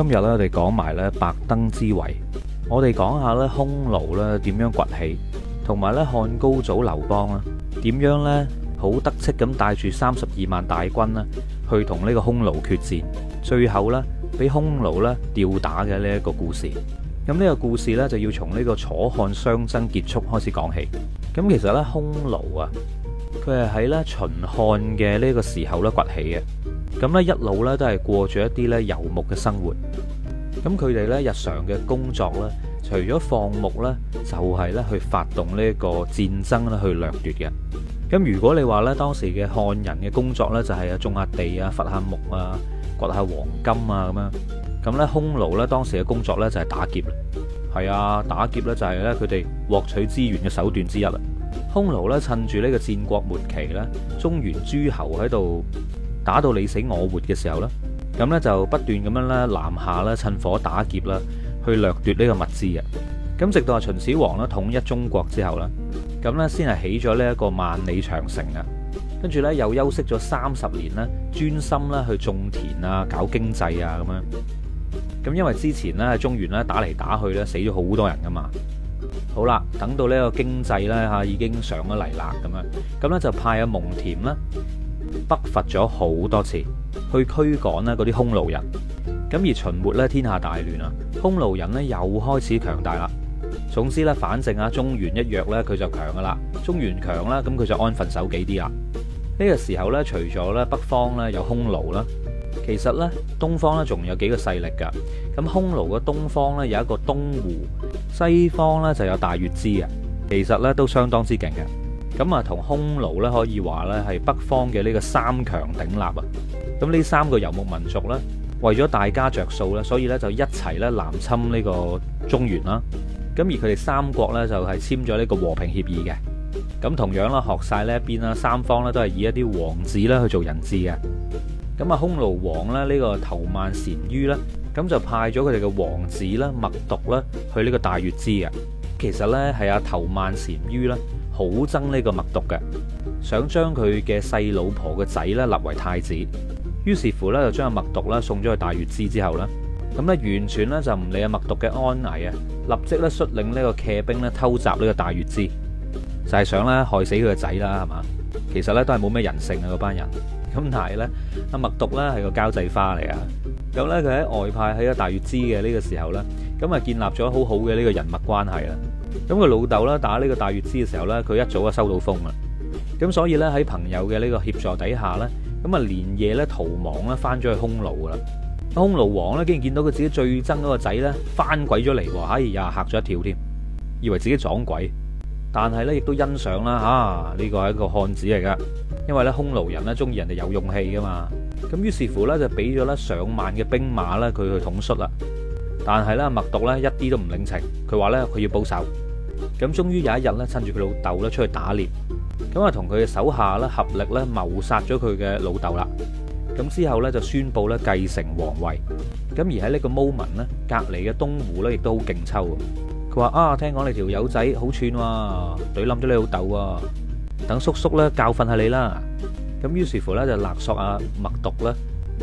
今日咧，我哋講埋咧白登之圍，我哋講下咧匈奴咧點樣崛起，同埋咧漢高祖劉邦啦，點樣咧好得戚咁帶住三十二萬大軍啦，去同呢個匈奴決戰，最後咧俾匈奴咧吊打嘅呢一個故事。咁呢個故事咧就要從呢個楚漢相爭結束開始講起。咁其實咧匈奴啊，佢係喺咧秦漢嘅呢個時候咧崛起嘅。咁呢一路呢都係過住一啲呢遊牧嘅生活。咁佢哋呢日常嘅工作呢，除咗放牧呢，就係呢去發動呢一個戰爭去掠奪嘅。咁如果你話呢當時嘅漢人嘅工作呢，就係啊種下地啊、伐下木啊、掘下黃金啊咁樣。咁呢匈奴呢，當時嘅工作呢，就係打劫啦。係啊，打劫呢就係呢佢哋獲取資源嘅手段之一啦。匈奴呢，趁住呢個戰國末期呢，中原諸侯喺度。打到你死我活嘅時候呢，咁呢就不斷咁樣咧南下啦，趁火打劫啦，去掠奪呢個物資啊！咁直到阿秦始皇咧統一中國之後呢，咁呢先係起咗呢一個萬里長城啊！跟住呢又休息咗三十年咧，專心咧去種田啊、搞經濟啊咁樣。咁因為之前呢，中原咧打嚟打去咧死咗好多人噶嘛。好啦，等到呢個經濟呢，嚇已經上咗嚟啦咁樣，咁呢就派阿蒙恬啦。北伐咗好多次，去驅趕咧嗰啲匈奴人。咁而秦末咧天下大亂啊，匈奴人咧又開始強大啦。總之咧，反正啊中原一弱咧佢就強噶啦，中原強啦咁佢就安分守己啲啦。呢、這個時候咧，除咗咧北方咧有匈奴啦，其實咧東方咧仲有幾個勢力噶。咁匈奴嘅東方咧有一個東胡，西方咧就有大月氏嘅，其實咧都相當之勁嘅。咁啊，同匈奴咧可以話咧係北方嘅呢個三強鼎立啊。咁呢三個游牧民族咧，為咗大家着數咧，所以咧就一齊咧南侵呢個中原啦。咁而佢哋三國咧就係簽咗呢個和平協議嘅。咁同樣啦，學晒呢一邊啦，三方咧都係以一啲王子呢去做人質嘅。咁啊，匈奴王咧呢個頭曼單于咧，咁就派咗佢哋嘅王子啦，冒頓啦去呢個大月氏啊。其實咧係阿頭曼單于啦。好憎呢個冒頓嘅，想將佢嘅細老婆嘅仔咧立為太子，於是乎咧就將冒頓咧送咗去大月氏之後咧，咁咧完全咧就唔理阿冒頓嘅安危啊，立即咧率領呢個騎兵咧偷襲呢個大月氏，就係、是、想咧害死佢嘅仔啦，係嘛？其實咧都係冇咩人性啊，嗰班人。咁但係咧阿冒頓咧係個交際花嚟啊，咁咧佢喺外派喺個大月氏嘅呢個時候咧，咁啊建立咗好好嘅呢個人脈關係啦。咁佢老豆打呢個大月氏嘅時候呢，佢一早就收到風啦，咁所以呢，喺朋友嘅呢個協助底下呢，咁啊連夜呢逃亡呢翻咗去匈奴噶啦，匈奴王呢竟然見到佢自己最憎嗰個仔呢，翻鬼咗嚟。哎呀，吓咗一跳添，以為自己撞鬼，但係呢，亦都欣賞啦吓，呢個係一個漢子嚟噶，因為呢匈奴人呢中意人哋有勇氣噶嘛，咁於是乎呢，就俾咗呢上萬嘅兵馬呢，佢去統率啦。但係咧，麥毒咧一啲都唔領情。佢話咧，佢要保守咁。終於有一日咧，趁住佢老豆咧出去打獵，咁啊，同佢嘅手下咧合力咧謀殺咗佢嘅老豆啦。咁之後咧就宣佈咧繼承皇位。咁而喺呢個 moment 呢，隔離嘅東胡咧亦都好勁抽。佢話啊，聽講你條友仔好串喎，懟冧咗你老豆啊！等叔叔咧教訓下你啦。咁於是乎咧就勒索阿麥毒咧，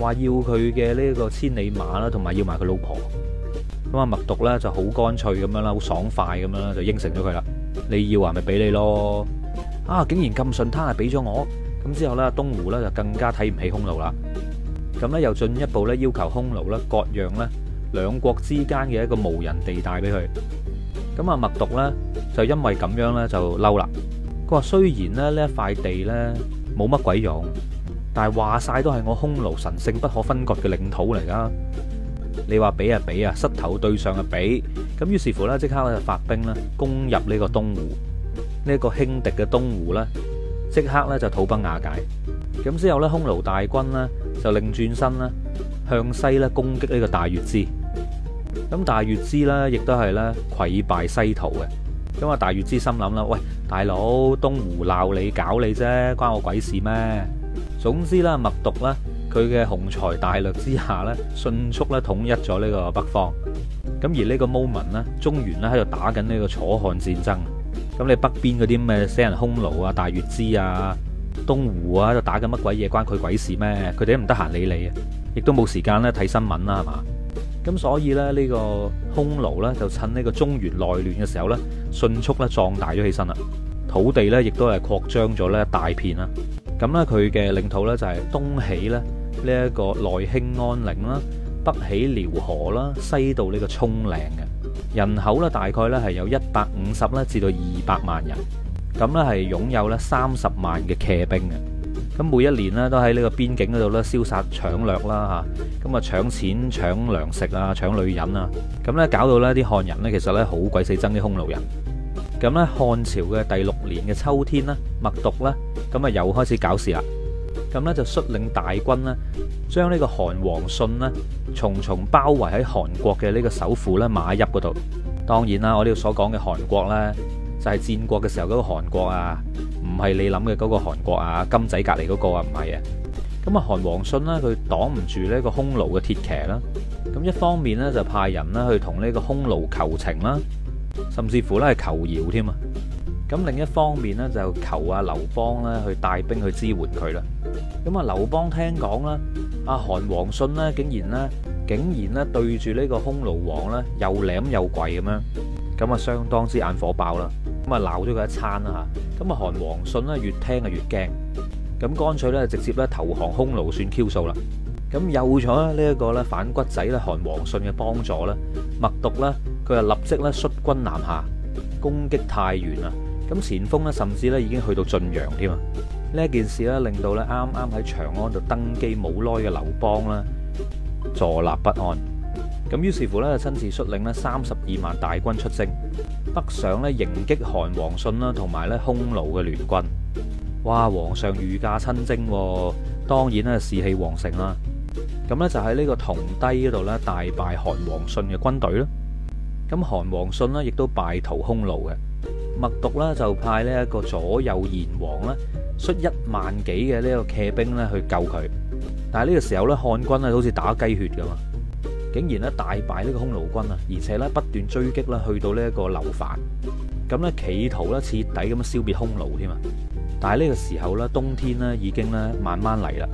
話要佢嘅呢個千里馬啦，同埋要埋佢老婆。咁啊，墨毒咧就好乾脆咁樣啦，好爽快咁樣啦，就應承咗佢啦。你要啊，咪俾你咯。啊，竟然咁順攤係俾咗我。咁之後咧，東湖咧就更加睇唔起匈奴啦。咁咧又進一步咧要求匈奴咧割讓咧兩國之間嘅一個無人地帶俾佢。咁啊，墨毒咧就因為咁樣咧就嬲啦。佢話：雖然咧呢一塊地咧冇乜鬼用，但係話曬都係我匈奴神聖不可分割嘅領土嚟噶。你話比啊比啊，膝頭對上嘅比，咁於是乎呢即刻咧發兵咧，攻入呢個東胡呢，這個輕敵嘅東胡呢，即刻咧就土崩瓦解。咁之後呢匈奴大軍呢，就另轉身咧向西咧攻擊呢個大月氏，咁大月氏呢亦都係咧潰敗西逃嘅。咁啊，大月氏心諗啦，喂，大佬，東胡鬧你搞你啫，關我鬼事咩？總之啦，冒頓啦。佢嘅雄才大略之下咧，迅速咧統一咗呢個北方。咁而呢個 moment 咧，中原咧喺度打緊呢個楚漢戰爭。咁你北邊嗰啲咩死人匈奴啊、大月氏啊、東胡啊，喺度打緊乜鬼嘢？關佢鬼事咩？佢哋都唔得閒理你啊，亦都冇時間咧睇新聞啦，係嘛？咁所以咧，呢個匈奴呢，這個、奴就趁呢個中原內亂嘅時候咧，迅速咧壯大咗起身啦，土地呢，亦都係擴張咗咧一大片啦。咁呢，佢嘅領土呢，就係、是、東起咧。呢一個內興安嶺啦，北起遼河啦，西到呢個蔥嶺嘅人口咧，大概咧係有一百五十咧至到二百萬人，咁咧係擁有咧三十萬嘅騎兵嘅，咁每一年咧都喺呢個邊境嗰度咧燒殺搶掠啦嚇，咁啊搶錢搶糧食啊搶女人啊，咁咧搞到呢啲漢人咧其實咧好鬼死憎啲匈奴人，咁咧漢朝嘅第六年嘅秋天呢，冒頓咧，咁啊又開始搞事啦。咁呢就率領大軍呢將呢個韓王信呢重重包圍喺韓國嘅呢個首府咧馬邑嗰度。當然啦，我呢度所講嘅韓國呢，就係戰國嘅時候嗰個韓國啊，唔係你諗嘅嗰個韓國啊，金仔隔籬嗰個啊，唔係啊。咁啊，韓王信呢，佢擋唔住呢個匈奴嘅鐵騎啦。咁一方面呢，就派人呢去同呢個匈奴求情啦，甚至乎呢係求饒添啊。咁另一方面咧，就求阿劉邦咧去帶兵去支援佢啦。咁啊，劉邦聽講啦，阿韓王信咧竟然咧，竟然咧對住呢個匈奴王咧又舐又跪咁樣，咁啊相當之眼火爆啦。咁啊鬧咗佢一餐啦嚇。咁啊，韓王信咧越聽啊越驚，咁乾脆咧直接咧投降匈奴算 Q 數啦。咁有咗呢一個咧反骨仔咧韓王信嘅幫助啦，冒頓咧佢啊立即咧率軍南下攻擊太原啊！咁前鋒呢，甚至咧已經去到晉陽添啊！呢一件事咧，令到咧啱啱喺長安度登基冇耐嘅劉邦啦，坐立不安。咁於是乎咧，親自率領呢三十二萬大軍出征，北上咧迎擊韓王信啦，同埋咧匈奴嘅聯軍。哇！皇上御駕親征，當然咧士氣旺盛啦。咁咧就喺呢個銅鞮嗰度咧大敗韓王信嘅軍隊啦。咁韓王信呢，亦都敗逃匈奴嘅。冒頓啦，就派呢一個左右賢王啦，率一萬幾嘅呢個騎兵咧去救佢。但係呢個時候咧，漢軍咧好似打雞血咁啊，竟然咧大敗呢個匈奴軍啊，而且咧不斷追擊啦，去到呢一個樓煩，咁咧企圖咧徹底咁消滅匈奴添啊！但係呢個時候咧，冬天咧已經咧慢慢嚟啦，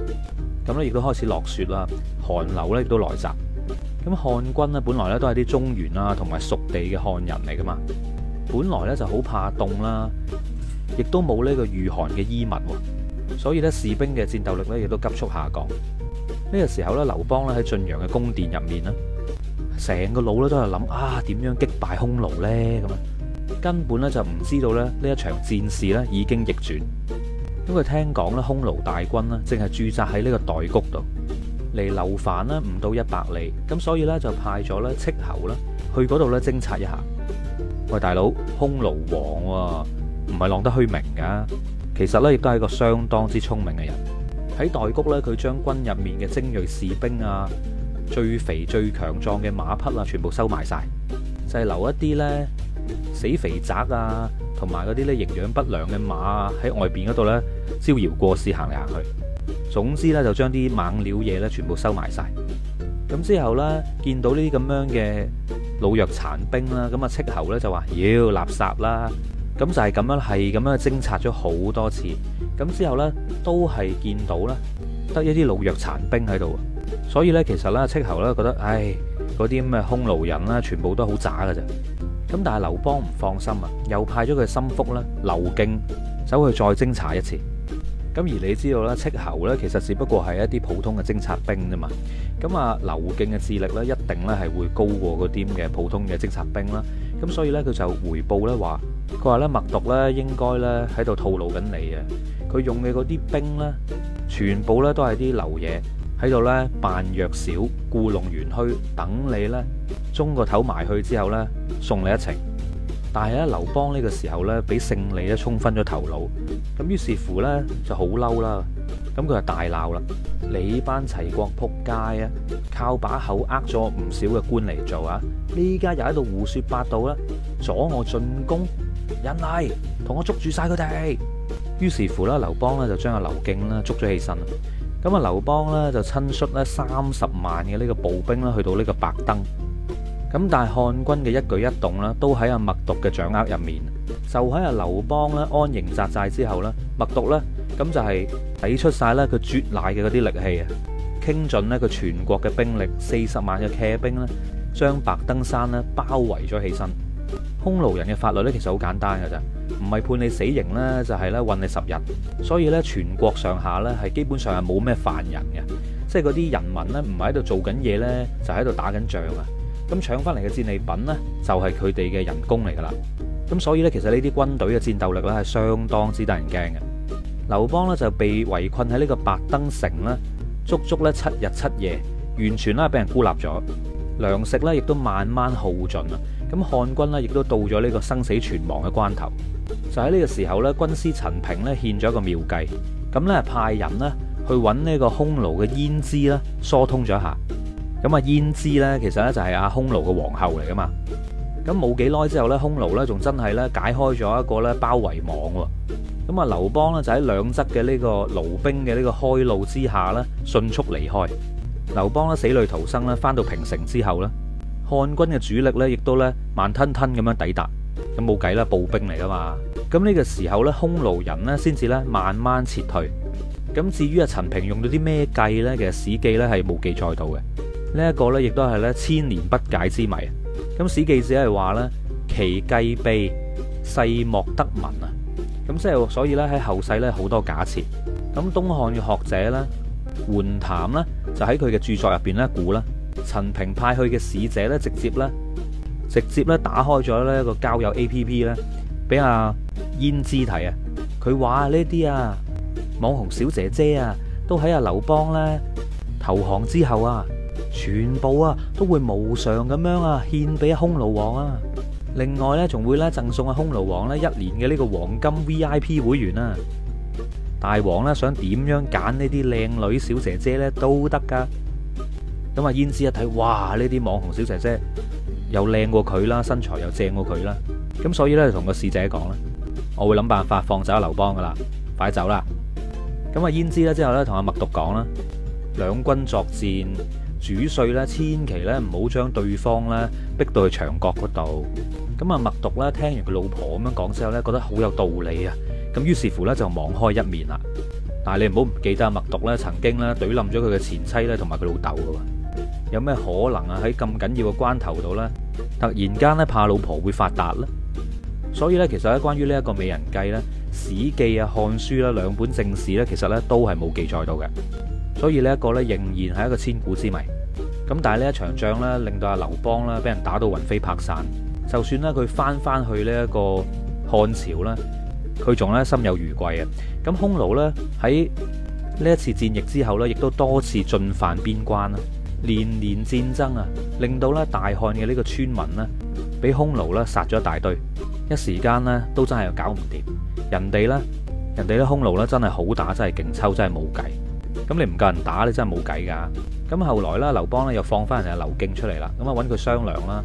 咁咧亦都開始落雪啦，寒流咧亦都來襲。咁漢軍咧，本來咧都係啲中原啊同埋屬地嘅漢人嚟噶嘛。本來咧就好怕凍啦，亦都冇呢個御寒嘅衣物，所以咧士兵嘅戰鬥力咧亦都急速下降。呢個時候咧，劉邦咧喺晉陽嘅宮殿入面呢，成個腦咧都係諗啊，點樣擊敗匈奴咧咁樣，根本咧就唔知道咧呢一場戰事咧已經逆轉，因為聽講咧匈奴大軍呢正係駐紮喺呢個代谷度，離劉范呢唔到一百里，咁所以咧就派咗咧斥候啦去嗰度咧偵察一下。喂，大佬，匈奴王唔係浪得虛名噶，其實咧亦都係一個相當之聰明嘅人。喺代谷咧，佢將軍入面嘅精鋭士兵啊、最肥最強壯嘅馬匹啊，全部收埋曬，就係留一啲咧死肥宅啊，同埋嗰啲咧營養不良嘅馬啊，喺外邊嗰度咧招搖過市行嚟行去。總之咧，就將啲猛料嘢咧全部收埋曬。咁之後咧，見到呢啲咁樣嘅。老弱殘兵啦，咁啊斥候咧就話要垃圾啦，咁就係、是、咁樣係咁樣偵察咗好多次，咁之後呢，都係見到呢得一啲老弱殘兵喺度，所以呢，其實呢，斥候呢覺得唉嗰啲咁嘅匈奴人啦，全部都好渣㗎啫，咁但係劉邦唔放心啊，又派咗佢心腹啦劉敬走去再偵察一次。咁而你知道咧，斥候咧，其實只不過係一啲普通嘅偵察兵啫嘛。咁啊，劉敬嘅智力咧，一定咧係會高過嗰啲咁嘅普通嘅偵察兵啦。咁所以咧，佢就回報咧話，佢話咧冒頓咧應該咧喺度套路緊你啊。佢用嘅嗰啲兵咧，全部咧都係啲流嘢，喺度咧扮弱小，故弄玄虛，等你咧中個頭埋去之後咧，送你一程。但係咧，劉邦呢個時候咧，俾勝利咧沖昏咗頭腦，咁於是乎咧，就好嬲啦，咁佢就大鬧啦。你班齊國撲街啊，靠把口呃咗唔少嘅官嚟做啊，呢家又喺度胡說八道啦，阻我進攻，引嚟，同我捉住晒佢哋。於是乎啦，劉邦咧就將阿劉敬咧捉咗起身，咁啊劉邦咧就親率咧三十萬嘅呢個步兵咧去到呢個白登。咁但係漢軍嘅一舉一動呢，都喺阿墨毒嘅掌握入面。就喺阿劉邦咧安營紮寨之後咧，墨毒呢咁就係抵出晒咧佢絕奶嘅嗰啲利器啊，傾盡呢佢全國嘅兵力四十萬嘅騎兵呢將白登山呢包圍咗起身。匈奴人嘅法律呢，其實好簡單嘅咋，唔係判你死刑呢，就係咧韞你十日。所以呢，全國上下呢係基本上係冇咩犯人嘅，即係嗰啲人民呢唔係喺度做緊嘢呢，就喺度打緊仗啊！咁搶翻嚟嘅戰利品呢，就係佢哋嘅人工嚟噶啦。咁所以呢，其實呢啲軍隊嘅戰鬥力呢，係相當之得人驚嘅。劉邦呢，就被圍困喺呢個白登城呢，足足呢七日七夜，完全呢俾人孤立咗，糧食呢，亦都慢慢耗盡啦。咁漢軍呢，亦都到咗呢個生死存亡嘅關頭。就喺呢個時候呢，軍師陳平呢獻咗一個妙計，咁呢派人呢，去揾呢個匈奴嘅煙支呢，疏通咗一下。咁啊，胭脂咧，其實咧就係阿匈奴嘅皇后嚟噶嘛。咁冇幾耐之後咧，匈奴咧仲真係咧解開咗一個咧包圍網喎。咁啊，劉邦呢，就喺兩側嘅呢個弩兵嘅呢個開路之下咧，迅速離開。劉邦呢，死裏逃生咧，返到平城之後咧，漢軍嘅主力咧亦都咧慢吞吞咁樣抵達。咁冇計啦，步兵嚟噶嘛。咁、這、呢個時候咧，匈奴人呢，先至咧慢慢撤退。咁至於阿陳平用到啲咩計咧？其實《史記》咧係冇記載到嘅。呢一個咧，亦都係咧千年不解之謎。啊！咁史記者係話咧，其計祕，世莫得聞啊！咁即係所以咧，喺後世咧好多假設。咁東漢嘅學者咧，桓譚咧就喺佢嘅著作入邊咧估啦。陳平派去嘅使者咧，直接咧，直接咧打開咗呢個交友 A P P 咧，俾阿閼氏睇。啊！佢話呢啲啊，網紅小姐姐啊，都喺阿劉邦咧投降之後啊。全部啊都會無償咁樣啊獻俾匈奴王啊。另外咧，仲會咧贈送啊匈奴王咧一年嘅呢個黃金 VIP 會員啊。大王咧想點樣揀呢啲靚女小姐姐咧都得噶。咁啊，胭脂一睇，哇，呢啲網紅小姐姐又靚過佢啦，身材又正過佢啦。咁所以咧，同個使者講啦，我會諗辦法放走劉邦噶啦，快走啦。咁啊，胭脂之後呢，同阿墨獨講啦，兩軍作戰，主帥咧，千祈咧唔好將對方咧逼到去牆角嗰度。咁啊，冒頓咧聽完佢老婆咁樣講之後咧，覺得好有道理啊。咁於是乎咧就網開一面啦。但係你唔好唔記得啊，冒頓咧曾經咧懟冧咗佢嘅前妻咧同埋佢老豆嘅。有咩可能啊？喺咁緊要嘅關頭度咧，突然間咧怕老婆會發達咧。所以咧，其實咧關於呢一個美人計咧，《史記》啊，《漢書》啦兩本正史咧，其實咧都係冇記載到嘅。所以呢一個咧仍然係一個千古之謎。咁但係呢一場仗呢，令到阿劉邦呢，俾人打到魂飛魄散。就算呢，佢翻翻去呢一個漢朝呢，佢仲呢心有餘悸啊。咁匈奴呢，喺呢一次戰役之後呢，亦都多次進犯邊關啦，連連戰爭啊，令到呢大漢嘅呢個村民呢，俾匈奴呢殺咗一大堆，一時間呢，都真係搞唔掂。人哋呢，人哋啲匈奴呢，真係好打，真係勁抽，真係冇計。咁你唔夠人打，你真係冇計噶。咁後來咧，劉邦咧又放翻人阿劉敬出嚟啦。咁啊揾佢商量啦。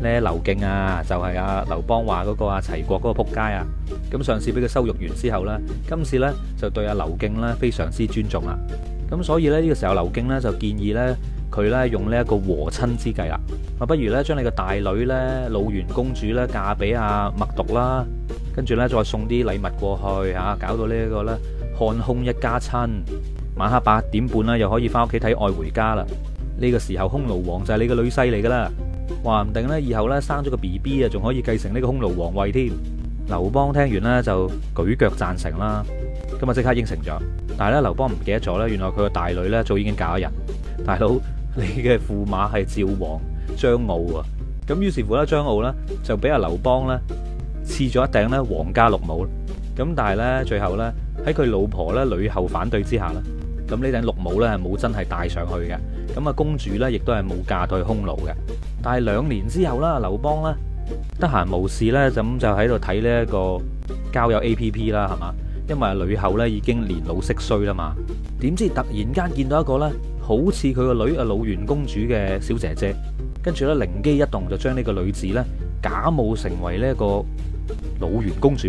咧劉敬啊，就係阿劉邦話嗰個阿齊國嗰個仆街啊。咁上次俾佢收辱完之後咧，今次咧就對阿劉敬咧非常之尊重啦。咁所以咧呢個時候，劉敬咧就建議咧佢咧用呢一個和親之計啦。我不如咧將你個大女咧魯元公主咧嫁俾阿冒頓啦，跟住咧再送啲禮物過去嚇，搞到呢一個咧漢匈一家親。晚黑八點半啦，又可以翻屋企睇《愛回家》啦。呢個時候匈奴王就係你個女婿嚟噶啦，話唔定呢，以後呢生咗個 B B 啊，仲可以繼承呢個匈奴王位添。劉邦聽完呢就舉腳贊成啦，咁啊即刻應承咗。但係咧劉邦唔記得咗呢，原來佢個大女呢早已經嫁咗人。大佬你嘅駙馬係趙王張敖啊，咁於是乎呢，張敖呢就俾阿劉邦呢賜咗一頂呢皇家綠帽。咁但係呢，最後呢，喺佢老婆呢呂后反對之下呢。咁呢頂綠帽咧，係冇真係戴上去嘅。咁啊，公主咧，亦都係冇嫁到去匈奴嘅。但係兩年之後啦，劉邦咧得閒無事咧，咁就喺度睇呢一個交友 APP 啦，係嘛？因為呂后咧已經年老色衰啦嘛，點知突然間見到一個咧好似佢個女啊，魯元公主嘅小姐姐，跟住咧靈機一動，就將呢個女子咧假冒成為呢一個。老魯元公主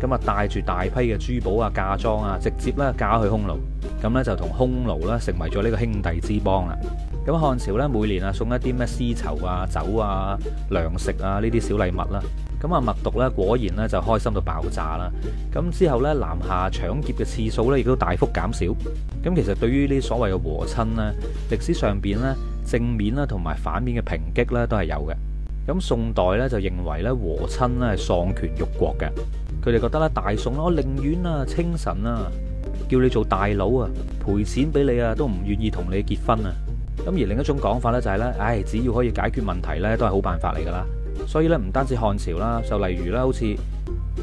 咁啊，帶住大批嘅珠寶啊、嫁妝啊，直接咧嫁去匈奴，咁呢就同匈奴咧成為咗呢個兄弟之邦啦。咁漢朝呢，每年啊送一啲咩絲綢啊、酒啊、糧食啊呢啲小禮物啦，咁啊冒頓呢，果然呢就開心到爆炸啦。咁之後呢，南下搶劫嘅次數呢亦都大幅減少。咁其實對於呢所謂嘅和親呢，歷史上邊呢，正面啦同埋反面嘅抨擊呢，都係有嘅。咁宋代咧就認為咧和親咧係喪權辱國嘅，佢哋覺得咧大宋咧我寧願啊稱臣啊叫你做大佬，啊，賠錢俾你啊都唔願意同你結婚啊。咁而另一種講法咧就係、是、咧，唉、哎、只要可以解決問題咧都係好辦法嚟㗎啦。所以咧唔單止漢朝啦，就例如啦好似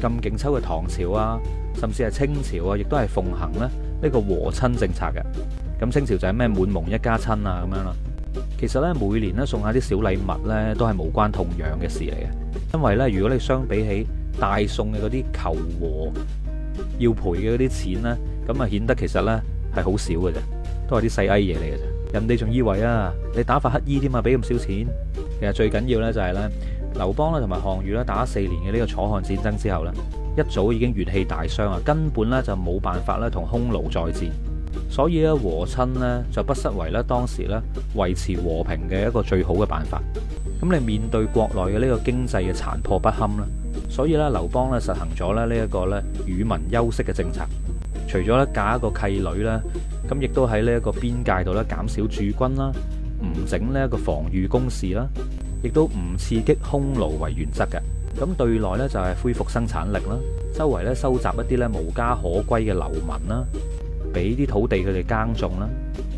咁勁秋嘅唐朝啊，甚至係清朝啊，亦都係奉行咧呢個和親政策嘅。咁清朝就係咩滿蒙一家親啊咁樣啦。其實咧，每年咧送下啲小禮物咧，都係無關痛癢嘅事嚟嘅。因為咧，如果你相比起大宋嘅嗰啲求和要賠嘅嗰啲錢咧，咁啊顯得其實咧係好少嘅啫，都係啲細埃嘢嚟嘅啫。人哋仲以為啊，你打發乞衣添嘛，俾咁少錢。其實最緊要呢就係呢，劉邦咧同埋項羽咧打四年嘅呢個楚漢戰爭之後咧，一早已經元氣大傷啊，根本咧就冇辦法咧同匈奴再戰。所以咧和親咧就不失為咧當時咧維持和平嘅一個最好嘅辦法。咁你面對國內嘅呢個經濟嘅殘破不堪啦，所以咧劉邦咧實行咗咧呢一個咧與民休息嘅政策，除咗咧嫁一個契女咧，咁亦都喺呢一個邊界度咧減少駐軍啦，唔整呢一個防御工事啦，亦都唔刺激匈奴為原則嘅。咁對內咧就係恢復生產力啦，周圍咧收集一啲咧無家可歸嘅流民啦。俾啲土地佢哋耕種啦，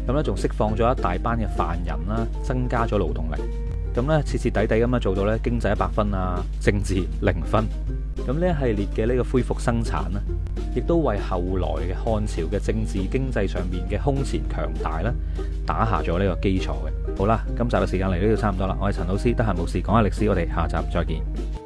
咁咧仲釋放咗一大班嘅犯人啦，增加咗勞動力，咁咧徹徹底底咁樣做到咧經濟一百分啊，政治零分，咁呢一系列嘅呢個恢復生產呢，亦都為後來嘅漢朝嘅政治經濟上面嘅空前強大啦，打下咗呢個基礎嘅。好啦，今集嘅時間嚟到呢度差唔多啦，我係陳老師，得閒冇事講下歷史，我哋下集再見。